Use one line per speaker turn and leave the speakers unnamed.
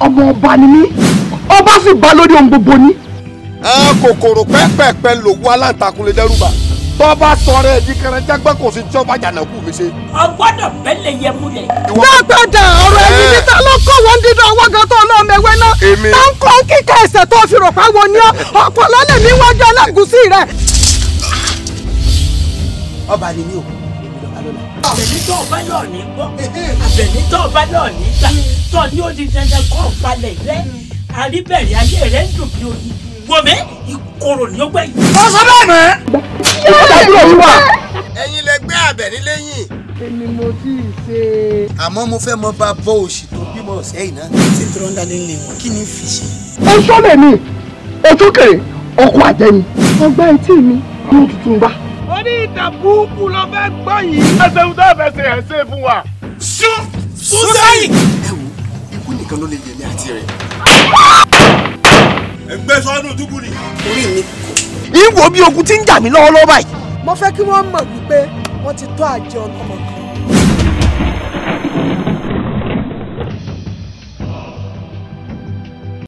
ọmọ ọba ni mí ọba sì bá lórí ohun gbogbo ni. ẹ kòkòrò pẹ́pẹ́pẹ́ lòwú aláǹtakùn lè dẹ́rù tọ́ba sọ̀rọ̀ ẹ̀ di kẹrẹ́jẹ́gbẹ́ kò sí tí ọba jàǹdàkú mi ṣe. ọgbọ́dọ̀ bẹ́lẹ̀ yẹ múlẹ̀. dágbàdà ọ̀rọ̀ ẹ̀yìn níta ló kọ́ wọn dídán ọwọ́ gan tó náà mẹ́wẹ́ náà. èmi tá ń kọ́ kíkẹ́ ẹsẹ̀ tó fi rò pa wọn ni ọ́ ọ̀pọ̀ lọ́lẹ̀ níwájú alágùsí rẹ̀. ọba ni mi ò kú lọ́ba lọ́la. àbẹ̀nitọ́ ọba náà ní gbọ́ àbẹ̀nitọ́ ọba náà ní gbà sọ ní odi dandan kọ́ palẹ̀ rẹ àríbẹ̀rẹ̀ ayé rẹ ń dùn bí oyin wọ̀mẹ́ ìkorò ní ọgbẹ́ yìí. wọ́n sọ bẹ́ẹ̀ mọ́. ìkọ́ta dúró yìí wà. ẹ̀yin lẹ gbé Àbẹ̀ní lẹ́yìn. èmi mo ti ṣe. àmọ́ mo fẹ́ mọ bá bọ́ òṣì tó bímọ sẹ́yìn náà. ṣé tí rọ́ńdà lè lè wọ́n kí ni fi ṣe. ó sọ mẹ́mi ojú kèrè ọkọ̀ àjẹni ọgbà etí mi ní tuntun bá. ó ní ìtàn búùkù ló fẹ́ gbọ́ yìí. ẹsẹ̀ ń tẹ́ fẹsẹ̀ ẹ̀ ṣe fún wa. sún sún sẹ́yìn nìkan ló lè yèmí àti rẹ̀. ẹgbẹ́ sọ́dún túbú ni. orí mi. ìwò bí ogun ti ń jà mí lọ́wọ́lọ́wọ́ báyìí. mo fẹ́ kí wọ́n mọ̀ wípé wọ́n ti tó àjẹ ọlọ́mọ kan.